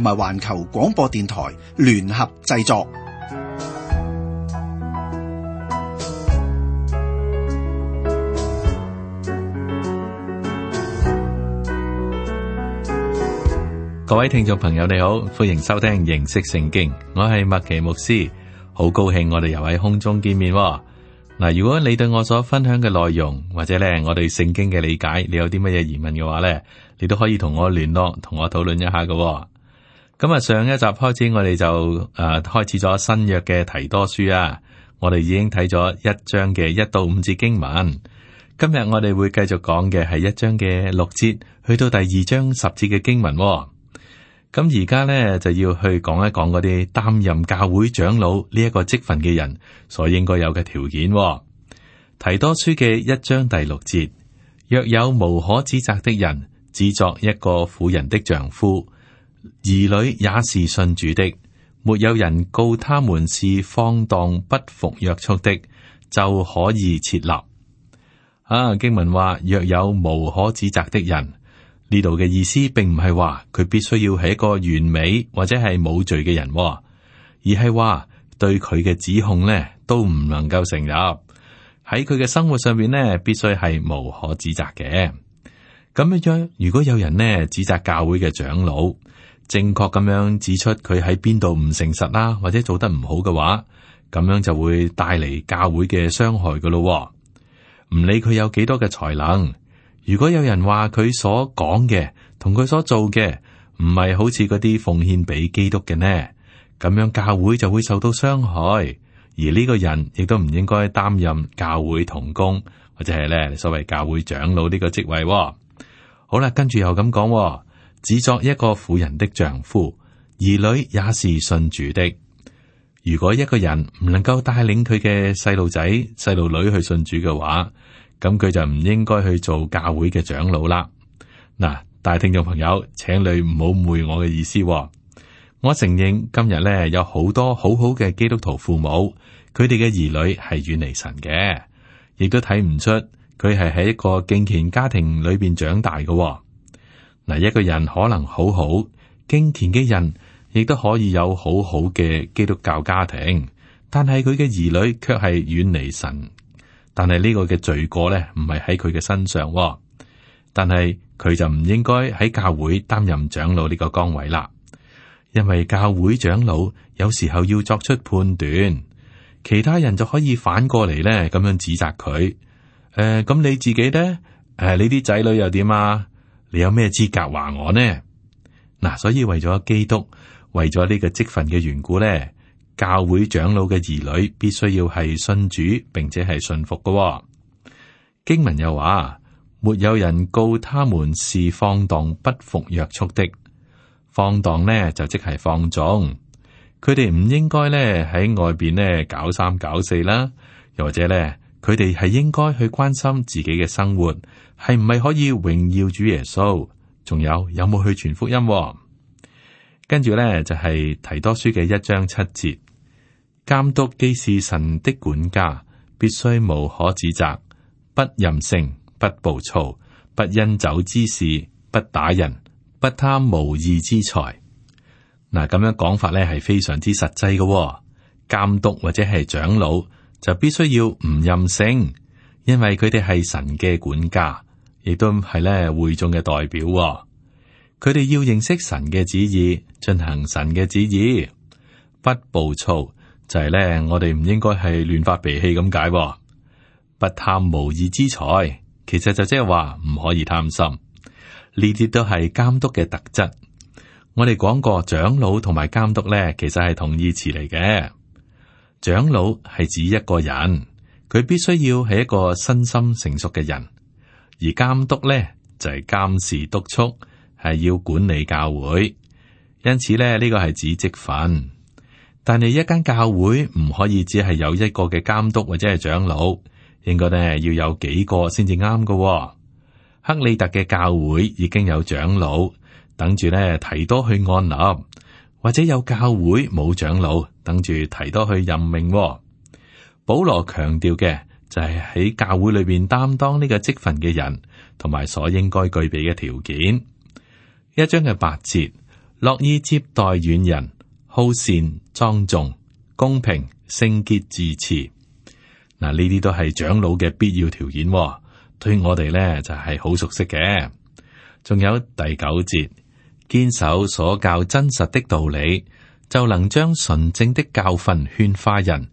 同埋環球廣播電台聯合製作。各位聽眾朋友，你好，歡迎收聽認識聖經。我係麥奇牧師，好高興我哋又喺空中見面嗱。如果你對我所分享嘅內容或者咧我哋聖經嘅理解，你有啲乜嘢疑問嘅話咧，你都可以同我聯絡，同我討論一下㗎。咁啊，上一集開始我哋就誒、呃、開始咗新約嘅提多書啊，我哋已經睇咗一章嘅一到五節經文。今日我哋會繼續講嘅係一章嘅六節，去到第二章十節嘅經文，哦。咁而家咧就要去講一講嗰啲擔任教會長老呢一個職份嘅人所應該有嘅條件，哦。提多書嘅一章第六節，若有無可指責的人，只作一個婦人的丈夫。兒女也是信主的，沒有人告他們是放蕩不服約束的，就可以設立。啊，經文話，若有無可指責的人，呢度嘅意思並唔係話佢必須要係一個完美或者係冇罪嘅人，而係話對佢嘅指控呢都唔能夠成立。喺佢嘅生活上面呢，必須係無可指責嘅。咁樣，如果有人呢指責教會嘅長老，正確咁樣指出佢喺邊度唔誠實啦，或者做得唔好嘅話，咁樣就會帶嚟教會嘅傷害㗎咯。唔理佢有幾多嘅才能，如果有人話佢所講嘅同佢所做嘅唔係好似嗰啲奉獻俾基督嘅呢，咁樣教會就會受到傷害，而呢個人亦都唔應該擔任教會同工或者係咧所謂教會長老呢個職位。好啦，跟住又咁講。只作一個婦人的丈夫，兒女也是信主的。如果一個人唔能夠帶領佢嘅細路仔、細路女去信主嘅話，咁佢就唔應該去做教會嘅長老啦。嗱，大聽眾朋友，請你唔好誤會我嘅意思、哦。我承認今日咧有好多好好嘅基督徒父母，佢哋嘅兒女係遠離神嘅，亦都睇唔出佢係喺一個敬虔家庭裏邊長大嘅、哦。嗱，一個人可能好好敬虔嘅人，亦都可以有好好嘅基督教家庭，但係佢嘅兒女卻係遠離神。但係呢個嘅罪過呢，唔係喺佢嘅身上，但係佢就唔應該喺教會擔任長老呢個崗位啦。因為教會長老有時候要作出判斷，其他人就可以反過嚟，呢咁樣指責佢。誒、呃，咁你自己呢？誒、呃，你啲仔女又點啊？你有咩資格話我呢？嗱、啊，所以為咗基督，為咗呢個積分嘅緣故咧，教會長老嘅兒女必須要係信主並且係信服嘅，哦。經文又話，沒有人告他們是放蕩不服約束的。放蕩咧就即係放縱，佢哋唔應該咧喺外邊咧搞三搞四啦，又或者咧佢哋係應該去關心自己嘅生活。係唔係可以榮耀主耶穌？仲有有冇去傳福音、哦？跟住呢，就係、是、提多書嘅一章七節，監督既是神的管家，必須無可指責，不任性，不暴躁，不因酒滋事，不打人，不貪無義之財。嗱咁樣講法呢係非常之實際噶、哦，監督或者係長老就必須要唔任性，因為佢哋係神嘅管家。亦都係咧會眾嘅代表，佢哋要認識神嘅旨意，進行神嘅旨意。不暴躁就係咧，我哋唔應該係亂發脾氣咁解。不貪無義之財，其實就即係話唔可以貪心。呢啲都係監督嘅特質。我哋講過長老同埋監督咧，其實係同義詞嚟嘅。長老係指一個人，佢必須要係一個身心成熟嘅人。而監督咧就係、是、監視督促，係要管理教會，因此咧呢個係指職份。但係一間教會唔可以只係有一個嘅監督或者係長老，應該咧要有幾個先至啱嘅。克里特嘅教會已經有長老等住咧提多去按立，或者有教會冇長老等住提多去任命、哦。保羅強調嘅。就係喺教會裏邊擔當呢個職份嘅人，同埋所應該具備嘅條件。一章嘅八節，樂意接待遠人，好善莊重、公平、聖潔、自持。嗱，呢啲都係長老嘅必要條件、哦。對我哋咧就係、是、好熟悉嘅。仲有第九節，堅守所教真實的道理，就能將純正的教訓勸化人。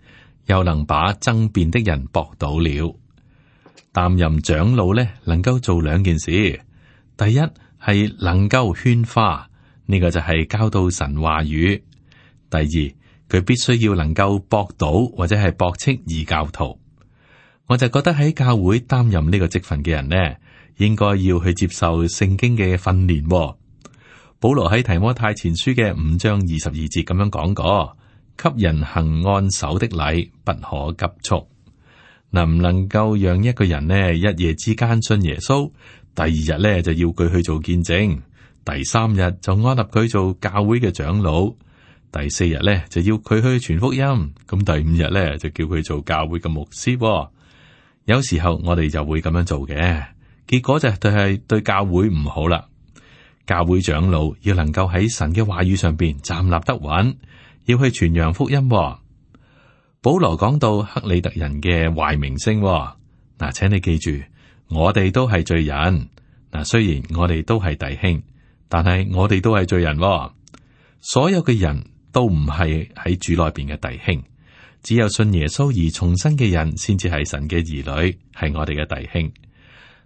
又能把爭辯的人駁倒了。擔任長老呢，能夠做兩件事：第一係能夠勸化，呢個就係教導神話語；第二，佢必須要能夠駁倒或者係駁斥異教徒。我就覺得喺教會擔任呢個職份嘅人呢，應該要去接受聖經嘅訓練、哦。保羅喺提摩太前書嘅五章二十二節咁樣講過。給人行按手的禮，不可急促。能唔能夠讓一個人呢，一夜之間信耶穌，第二日呢就要佢去做見證，第三日就按立佢做教會嘅長老，第四日呢就要佢去傳福音，咁第五日呢就叫佢做教會嘅牧師？有時候我哋就會咁樣做嘅，結果就就係對教會唔好啦。教會長老要能夠喺神嘅話語上邊站立得穩。要去傳揚福音、哦。保羅講到克里特人嘅壞名聲、哦。嗱，請你記住，我哋都係罪人。嗱，雖然我哋都係弟兄，但係我哋都係罪人、哦。所有嘅人都唔係喺主內邊嘅弟兄，只有信耶穌而重生嘅人先至係神嘅兒女，係我哋嘅弟兄。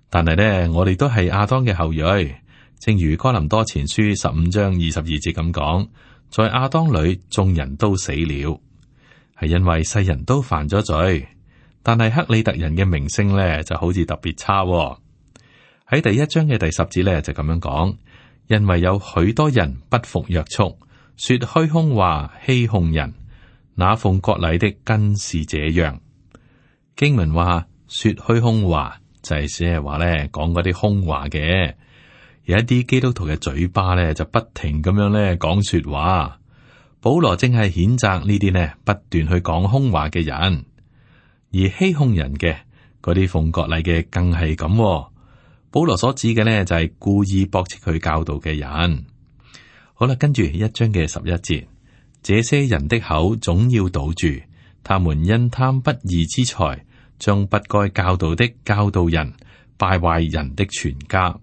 但係咧，我哋都係亞當嘅後裔。正如哥林多前書十五章二十二節咁講。在亞當裏，眾人都死了，係因為世人都犯咗罪。但係克里特人嘅名聲咧，就好似特別差、哦。喺第一章嘅第十節咧就咁樣講，因為有許多人不服約束，說虛空話欺哄人。那奉割禮的更是這樣。經文話說虛空話就係即係話咧，講嗰啲空話嘅。有一啲基督徒嘅嘴巴咧，就不停咁樣咧講說話。保羅正係譴責呢啲呢不斷去講空話嘅人，而欺哄人嘅嗰啲奉割禮嘅更係咁、哦。保羅所指嘅呢，就係、是、故意駁斥佢教導嘅人。好啦，跟住一章嘅十一節，這些人的口總要堵住，他們因貪不義之財，將不該教導的教導人，敗壞人的全家。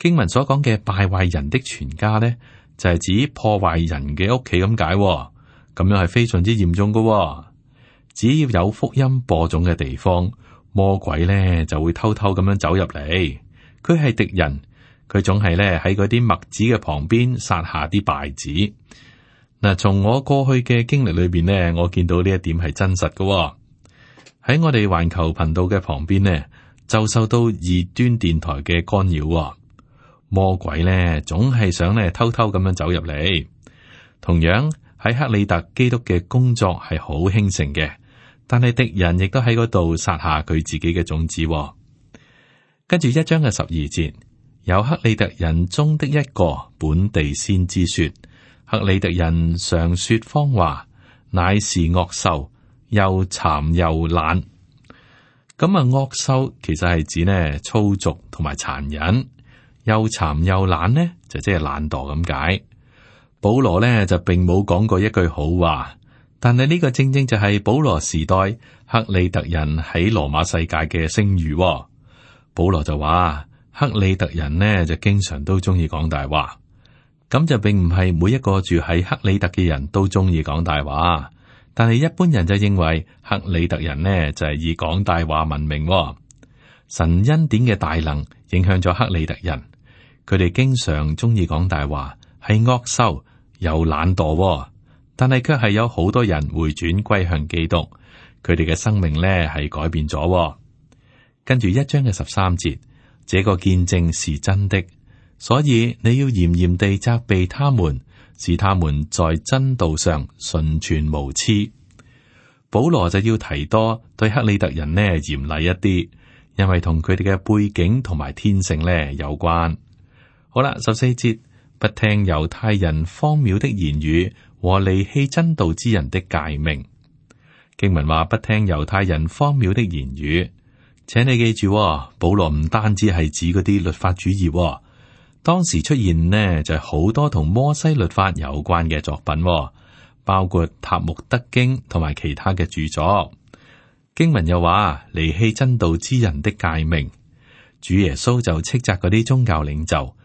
經文所講嘅敗壞人的全家呢，就係指破壞人嘅屋企咁解。咁樣係非常之嚴重噶。只要有福音播種嘅地方，魔鬼呢就會偷偷咁樣走入嚟。佢係敵人，佢總係呢喺嗰啲麥子嘅旁邊撒下啲稗子嗱。從我過去嘅經歷裏邊呢，我見到呢一點係真實噶。喺我哋環球頻道嘅旁邊呢，就受到異端電台嘅干擾。魔鬼呢，總係想呢偷偷咁樣走入嚟。同樣喺克里特基督嘅工作係好興盛嘅，但係敵人亦都喺嗰度撒下佢自己嘅種子，哦。跟住一章嘅十二節，有克里特人中的一個本地先知說：「克里特人常說謊話，乃是惡獸，又饞又懶。」咁啊，惡獸其實係指呢粗俗同埋殘忍。又饞又懶呢，就即係懶惰咁解。保羅呢就並冇講過一句好話，但係呢個正正就係保羅時代克里特人喺羅馬世界嘅聲譽。保羅就話：克里特人呢就經常都中意講大話，咁就並唔係每一個住喺克里特嘅人都中意講大話，但係一般人就認為克里特人呢就係、是、以講大話聞名哦。神恩典嘅大能影響咗克里特人。佢哋經常鍾意講大話，係惡獸又懶惰、哦，但係卻係有好多人回轉歸向基督。佢哋嘅生命咧係改變咗、哦。跟住一章嘅十三節，這個見證是真的，所以你要嚴嚴地責備他們，使他們在真道上純全無疵。保羅就要提多對克里特人呢嚴厲一啲，因為同佢哋嘅背景同埋天性呢有關。好啦，十四節不聽猶太人荒謬的言語和離棄真道之人的誡命，經文話，不聽猶太人荒謬的言語，請你記住、哦，保羅唔單止係指嗰啲律法主義、哦，當時出現呢就係、是、好多同摩西律法有關嘅作品、哦，包括塔木德經同埋其他嘅著作。經文又話，離棄真道之人的誡命，主耶穌就斥責嗰啲宗教領袖。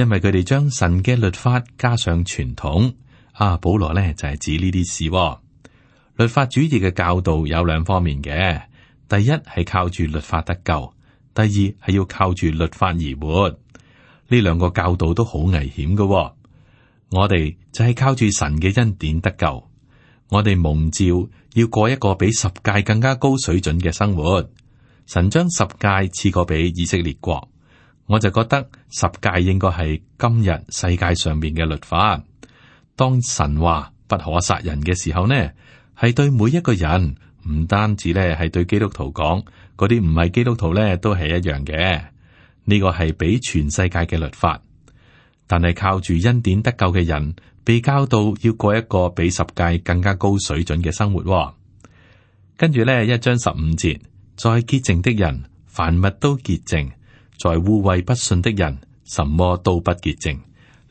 因為佢哋將神嘅律法加上傳統，啊，保羅咧就係指呢啲事喎。律法主義嘅教導有兩方面嘅，第一係靠住律法得救，第二係要靠住律法而活。呢兩個教導都好危險嘅喎。我哋就係靠住神嘅恩典得救，我哋蒙召要過一個比十誡更加高水準嘅生活。神將十誡賜過俾以色列國。我就覺得十誡應該係今日世界上面嘅律法。當神話不可殺人嘅時候呢，係對每一個人，唔單止呢係對基督徒講，嗰啲唔係基督徒呢都係一樣嘅。呢、這個係俾全世界嘅律法，但係靠住恩典得救嘅人，被教到要過一個比十誡更加高水準嘅生活。跟住呢一章十五節，在潔淨的人，凡物都潔淨。在污穢不信的人，什麼都不潔淨，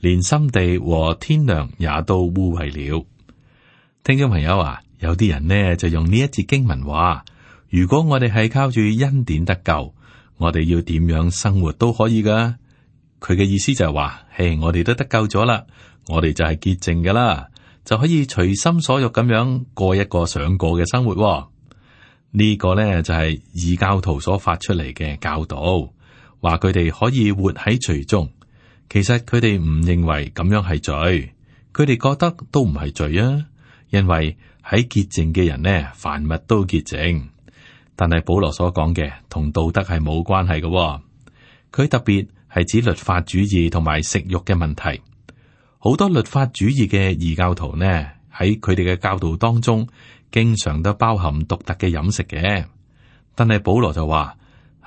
連心地和天良也都污穢了。聽眾朋友啊，有啲人呢就用呢一節經文話：如果我哋係靠住恩典得救，我哋要點樣生活都可以噶。佢嘅意思就係話，嘿，我哋都得救咗啦，我哋就係潔淨噶啦，就可以隨心所欲咁樣過一個想過嘅生活。呢個呢，就係異教徒所發出嚟嘅教導。話佢哋可以活喺罪中，其實佢哋唔認為咁樣係罪，佢哋覺得都唔係罪啊。因為喺潔淨嘅人呢，凡物都潔淨。但係保羅所講嘅同道德係冇關係嘅哦。佢特別係指律法主義同埋食肉嘅問題。好多律法主義嘅異教徒呢，喺佢哋嘅教導當中，經常都包含獨特嘅飲食嘅。但係保羅就話。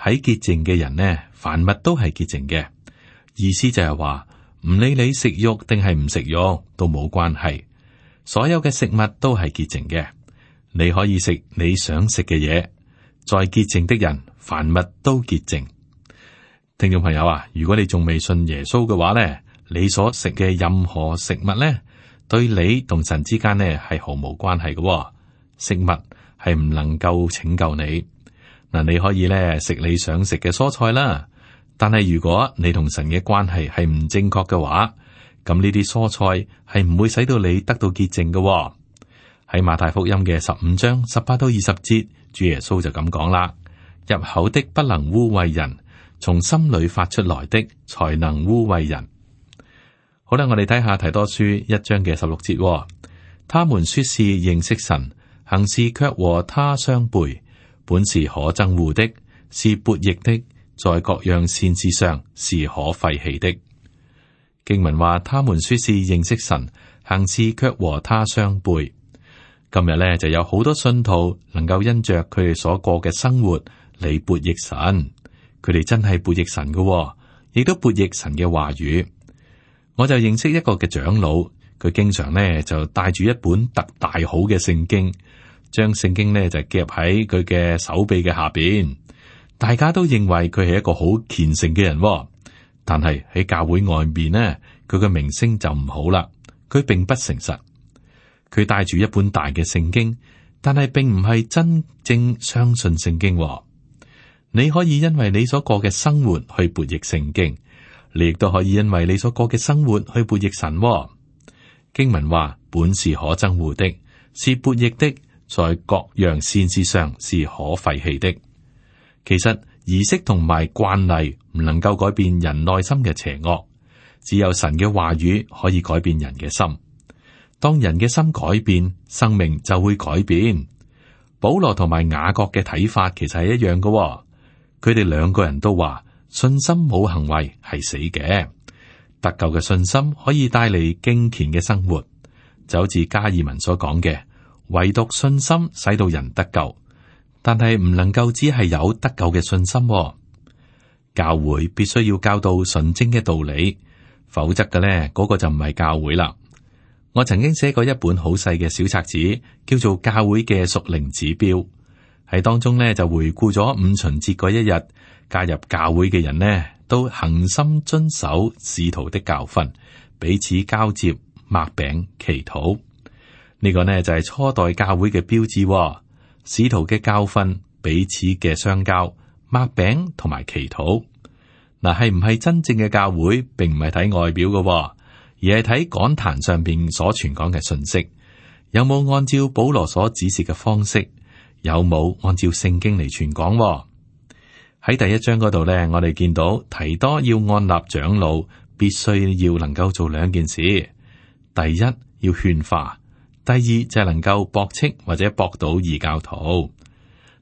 喺潔淨嘅人呢，凡物都係潔淨嘅。意思就係話，唔理你食肉定係唔食肉都冇關係。所有嘅食物都係潔淨嘅。你可以食你想食嘅嘢。在潔淨的人，凡物都潔淨。聽眾朋友啊，如果你仲未信耶穌嘅話呢，你所食嘅任何食物呢，對你同神之間呢係毫無關係嘅哦。食物係唔能夠拯救你。嗱，你可以咧食你想食嘅蔬菜啦，但係如果你同神嘅關係係唔正確嘅話，咁呢啲蔬菜係唔會使到你得到潔淨嘅。喺馬太福音嘅十五章十八到二十節，主耶穌就咁講啦：入口的不能污穢人，從心裏發出來的才能污穢人。好啦，我哋睇下提多書一章嘅十六節，哦，他們說是認識神，行事卻和他相背。本是可憎惡的，是悖逆的，在各樣善事上是可廢棄的。經文話：他們說是認識神，行事卻和他相背。今日呢，就有好多信徒能夠因着佢哋所過嘅生活嚟悖逆神，佢哋真係悖逆神㗎喎，亦都悖逆神嘅話語。我就認識一個嘅長老，佢經常呢就帶住一本特大好嘅聖經。將聖經呢就夾喺佢嘅手臂嘅下邊，大家都認為佢係一個好虔誠嘅人、哦。但係喺教會外面呢，佢嘅名聲就唔好啦。佢並不誠實，佢帶住一本大嘅聖經，但係並唔係真正相信聖經、哦。你可以因為你所過嘅生活去悖逆聖經，你亦都可以因為你所過嘅生活去悖逆神、哦、經文話「本是可憎惡的，是悖逆的。在各樣善事上是可廢棄的。其實儀式同埋慣例唔能夠改變人內心嘅邪惡，只有神嘅話語可以改變人嘅心。當人嘅心改變，生命就會改變。保羅同埋雅各嘅睇法其實係一樣嘅、哦，佢哋兩個人都話信心冇行為係死嘅。得救嘅信心可以帶嚟敬虔嘅生活，就好似加爾文所講嘅。唯獨信心使到人得救，但係唔能夠只係有得救嘅信心哦。教會必須要教導純正嘅道理，否則嘅咧嗰個就唔係教會啦。我曾經寫過一本好細嘅小冊子，叫做《教會嘅屬靈指標》，喺當中咧就回顧咗五旬節嗰一日加入教會嘅人咧都恆心遵守使徒的教訓，彼此交接擘餅祈禱。呢個呢就係初代教會嘅標誌，哦，使徒嘅教訓，彼此嘅相交，抹餅同埋祈禱。嗱，係唔係真正嘅教會，並唔係睇外表噶、哦，而係睇講壇上邊所傳講嘅信息有冇按照保羅所指示嘅方式，有冇按照聖經嚟傳講，哦。喺第一章嗰度呢，我哋見到提多要按立長老，必須要能夠做兩件事：第一要勸化。第二就係、是、能夠駁斥或者駁倒異教徒，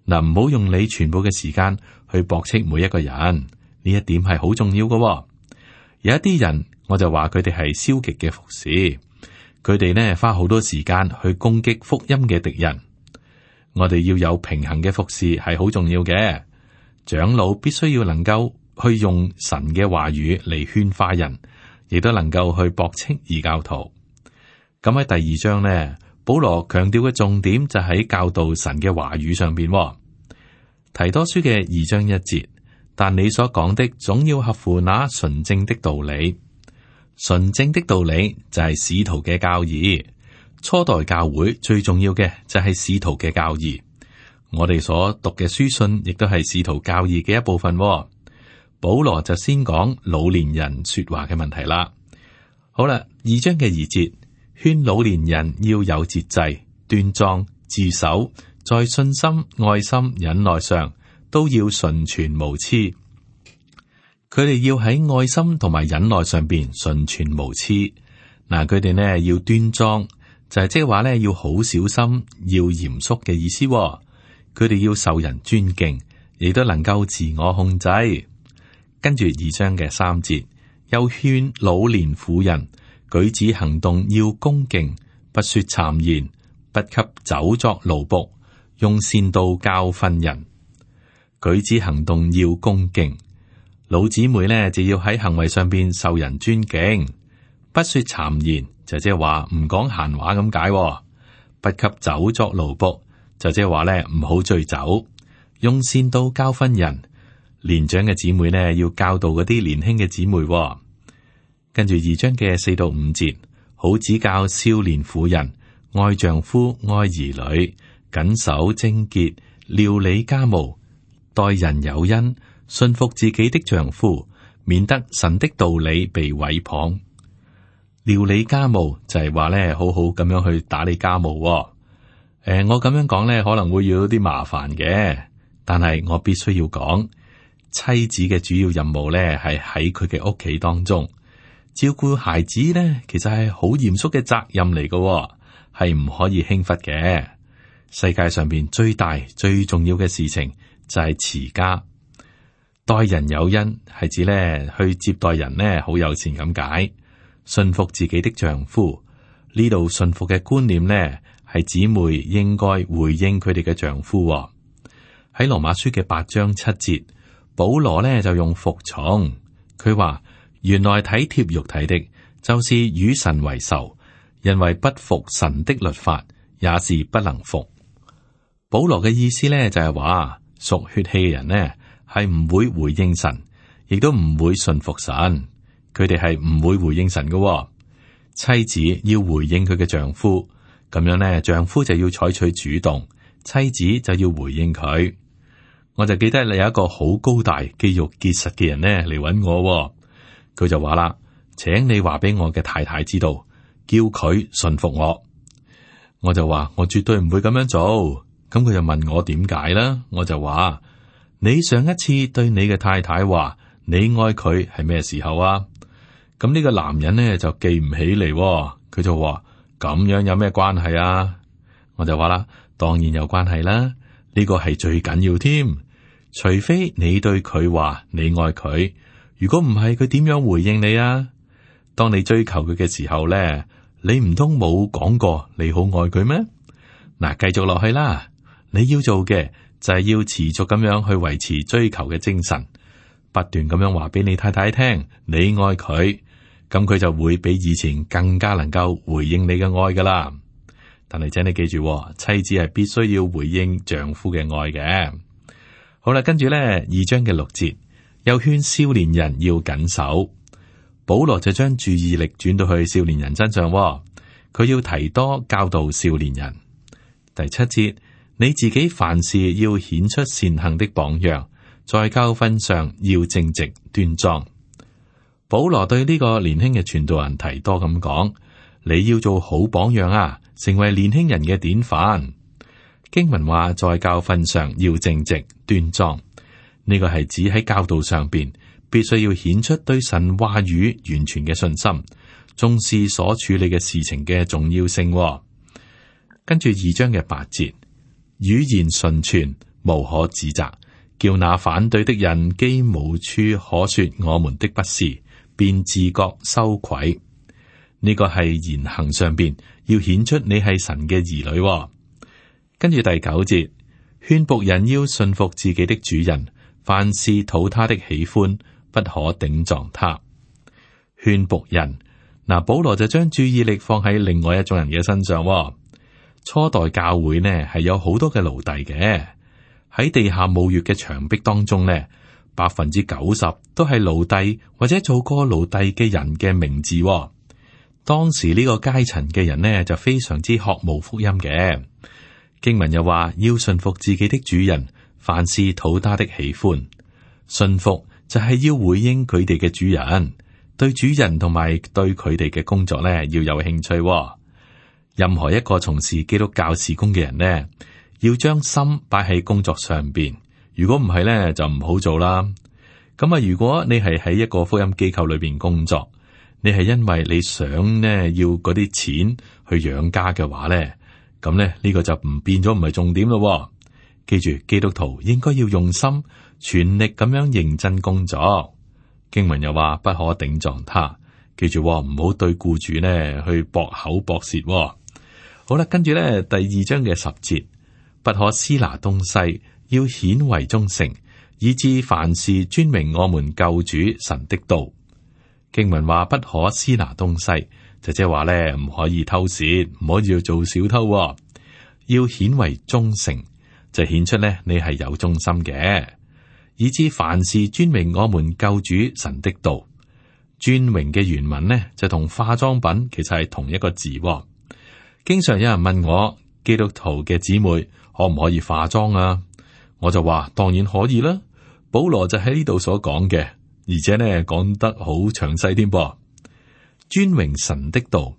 嗱，唔好用你全部嘅時間去駁斥每一個人，呢一點係好重要嘅。有一啲人我就話佢哋係消極嘅服侍，佢哋呢，花好多時間去攻擊福音嘅敵人。我哋要有平衡嘅服侍係好重要嘅，長老必須要能夠去用神嘅話語嚟勸化人，亦都能夠去駁斥異教徒。咁喺第二章呢，保羅強調嘅重點就喺教導神嘅話語上邊。提多書嘅二章一節，但你所講的總要合乎那純正的道理。純正的道理就係使徒嘅教義，初代教會最重要嘅就係使徒嘅教義。我哋所讀嘅書信亦都係使徒教義嘅一部分。保羅就先講老年人說話嘅問題啦。好啦，二章嘅二節。勸老年人要有節制、端莊、自守，在信心、愛心、忍耐上都要純全無疵。佢哋要喺愛心同埋忍耐上邊純全無疵。嗱，佢哋呢要端莊，就係即係話呢要好小心、要嚴肅嘅意思。佢哋要受人尊敬，亦都能夠自我控制。跟住二章嘅三節，又勸老年婦人。舉止行動要恭敬，不說讒言，不給酒作奴僕，用善道教訓人。舉止行動要恭敬，老姊妹咧就要喺行為上邊受人尊敬，不說讒言就即係話唔講閒話咁解。不給酒作奴僕就即係話咧唔好醉酒，用善道教訓人。年長嘅姊妹咧要教導嗰啲年輕嘅姊妹，哦。跟住二章嘅四到五節，好指教少年婦人愛丈夫、愛兒女，謹守貞潔，料理家務，待人有恩，信服自己的丈夫，免得神的道理被毀謗。料理家務就係話咧，好好咁樣去打理家務。誒、呃，我咁樣講咧，可能會遇到啲麻煩嘅，但係我必須要講，妻子嘅主要任務咧係喺佢嘅屋企當中。照顧孩子呢，其實係好嚴肅嘅責任嚟嘅喎，係唔可以輕忽嘅。世界上面最大最重要嘅事情就係持家。待人有恩係指呢去接待人呢，好友善咁解。順服自己的丈夫，呢度順服嘅觀念呢，係姊妹應該回應佢哋嘅丈夫喎。喺羅馬書嘅八章七節，保羅呢就用服從，佢話。原來體貼肉體的，就是與神為仇，因為不服神的律法，也是不能服。保羅嘅意思咧就係話屬血氣嘅人呢，係唔會回應神，亦都唔會信服神。佢哋係唔會回應神嘅。妻子要回應佢嘅丈夫，咁樣呢，丈夫就要採取主動，妻子就要回應佢。我就記得你有一個好高大、肌肉結實嘅人呢，嚟搵我。佢就話啦，請你話俾我嘅太太知道，叫佢順服我。我就話我絕對唔會咁樣做。咁佢就問我點解啦？我就話你上一次對你嘅太太話你愛佢係咩時候啊？咁呢個男人呢就記唔起嚟，哦，佢就話咁樣有咩關係啊？我就話啦，當然有關係啦，呢個係最緊要添。除非你對佢話你愛佢。如果唔係佢點樣回應你啊？當你追求佢嘅時候咧，你唔通冇講過你好愛佢咩？嗱，繼續落去啦，你要做嘅就係、是、要持續咁樣去維持追求嘅精神，不斷咁樣話俾你太太聽你愛佢，咁佢就會比以前更加能夠回應你嘅愛噶啦。但係請你記住，妻子係必須要回應丈夫嘅愛嘅。好啦，跟住咧二章嘅六節。有勸少年人要謹守，保羅就將注意力轉到去少年人身上。佢要提多教導少年人。第七節，你自己凡事要顯出善行的榜樣，在教訓上要正直端莊。保羅對呢個年輕嘅傳道人提多咁講：你要做好榜樣啊，成為年輕人嘅典範。經文話：在教訓上要正直端莊。呢個係指喺教導上邊，必須要顯出對神話語完全嘅信心，重視所處理嘅事情嘅重要性、哦。跟住二章嘅八節，語言順全，無可指責，叫那反對的人，既無處可說我們的不是，便自覺羞愧。呢、這個係言行上邊要顯出你係神嘅兒女、哦。跟住第九節，勸僕人要信服自己的主人。凡事討他的喜歡，不可頂撞他。勸僕人，嗱，保羅就將注意力放喺另外一種人嘅身上。初代教會呢，係有好多嘅奴隸嘅，喺地下墓穴嘅牆壁當中呢，百分之九十都係奴隸或者做過奴隸嘅人嘅名字。當時呢個階層嘅人呢，就非常之學無福音嘅。經文又話要順服自己的主人。凡事討他的喜歡，信服就係要回應佢哋嘅主人，對主人同埋對佢哋嘅工作咧要有興趣哦。任何一個從事基督教事工嘅人咧，要將心擺喺工作上邊。如果唔係咧，就唔好做啦。咁啊，如果你係喺一個福音機構裏邊工作，你係因為你想呢要嗰啲錢去養家嘅話咧，咁咧呢，呢個就唔變咗唔係重點咯哦。記住，基督徒應該要用心、全力咁樣認真工作。經文又話不可頂撞他，記住哦，唔好對僱主呢去駁口駁舌哦。好啦，跟住咧第二章嘅十節，不可私拿東西，要顯為忠誠，以致凡事尊明我們救主神的道。經文話不可私拿東西，就即係話咧唔可以偷竊，唔可以做小偷哦，要顯為忠誠。就顯出咧，你係有忠心嘅，以致凡事尊榮我們救主神的道。尊榮嘅原文呢，就同化妝品其實係同一個字。經常有人問我基督徒嘅姊妹可唔可以化妝啊？我就話當然可以啦。保羅就喺呢度所講嘅，而且呢講得好詳細添噃。尊榮神的道，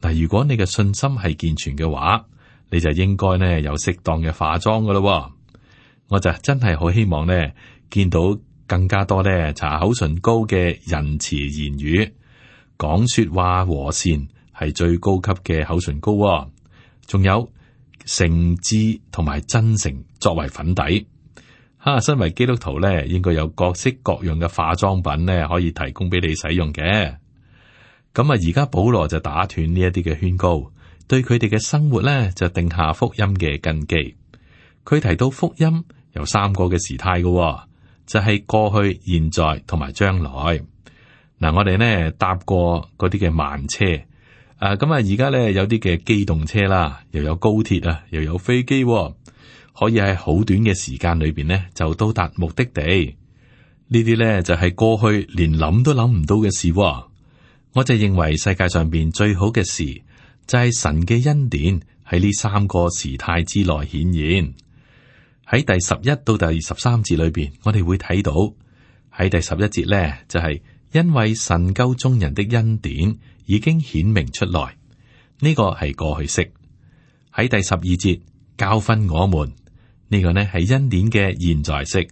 但如果你嘅信心係健全嘅話。你就應該咧有適當嘅化妝噶咯、哦，我就真係好希望呢，見到更加多呢搽口唇膏嘅仁慈言語，講說話和善係最高級嘅口唇膏、哦，仲有誠摯同埋真誠作為粉底。哈、啊，身為基督徒呢，應該有各式各樣嘅化妝品呢，可以提供俾你使用嘅。咁、嗯、啊，而家保羅就打斷呢一啲嘅勸告。對佢哋嘅生活咧，就定下福音嘅根基。佢提到福音有三個嘅時態嘅、哦，就係、是、過去、現在同埋將來。嗱、啊，我哋咧搭過嗰啲嘅慢車啊，咁啊，而家咧有啲嘅機動車啦，又有高鐵啊，又有飛機、哦，可以喺好短嘅時間裏邊咧就到達目的地。呢啲咧就係、是、過去連諗都諗唔到嘅事、哦。我就認為世界上邊最好嘅事。就係神嘅恩典喺呢三個時態之內顯現，喺第十一到第十三節裏邊，我哋會睇到喺第十一節呢，就係、是、因為神救眾人的恩典已經顯明出來，呢、這個係過去式；喺第十二節教訓我們，呢、這個呢係恩典嘅現在式；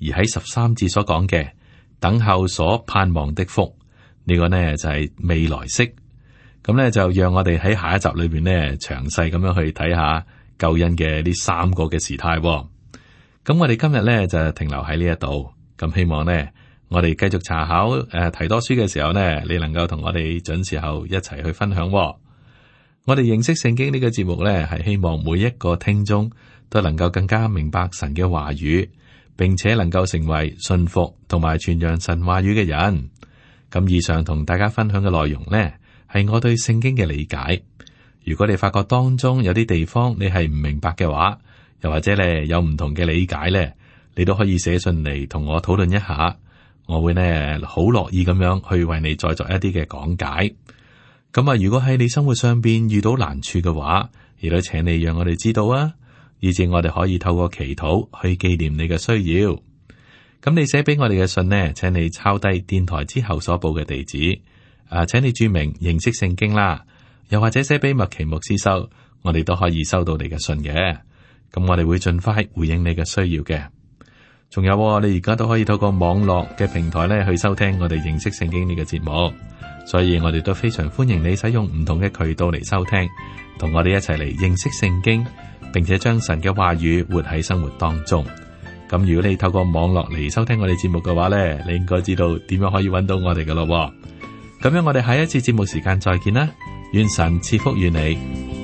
而喺十三節所講嘅等候所盼望的福，呢、這個呢就係、是、未來式。咁咧就讓我哋喺下一集裏邊呢，詳細咁樣去睇下救恩嘅呢三個嘅時態，哦。咁我哋今日呢，就停留喺呢一度。咁希望呢，我哋繼續查考，誒、呃、提多書嘅時候呢，你能夠同我哋準時候一齊去分享，哦。我哋認識聖經呢個節目呢，係希望每一個聽眾都能夠更加明白神嘅話語，並且能夠成為信服同埋傳揚神話語嘅人。咁以上同大家分享嘅內容呢，係我對聖經嘅理解。如果你發覺當中有啲地方你係唔明白嘅話，又或者咧，有唔同嘅理解咧，你都可以寫信嚟同我討論一下。我會呢，好樂意咁樣去為你再作一啲嘅講解。咁啊，如果喺你生活上邊遇到難處嘅話，亦都請你讓我哋知道啊，以至我哋可以透過祈禱去紀念你嘅需要。咁你寫俾我哋嘅信呢，請你抄低電台之後所報嘅地址。啊，請你注明認識聖經啦，又或者寫畀麥奇牧師收，我哋都可以收到你嘅信嘅。咁我哋會盡快回應你嘅需要嘅。仲有，哦，你而家都可以透過網絡嘅平台咧去收聽我哋認識聖經呢個節目，所以我哋都非常歡迎你使用唔同嘅渠道嚟收聽，同我哋一齊嚟認識聖經，並且將神嘅話語活喺生活當中。咁如果你透過網絡嚟收聽我哋節目嘅話咧，你應該知道點樣可以搵到我哋嘅咯。咁樣，我哋下一次節目時間再見啦！願神賜福與你。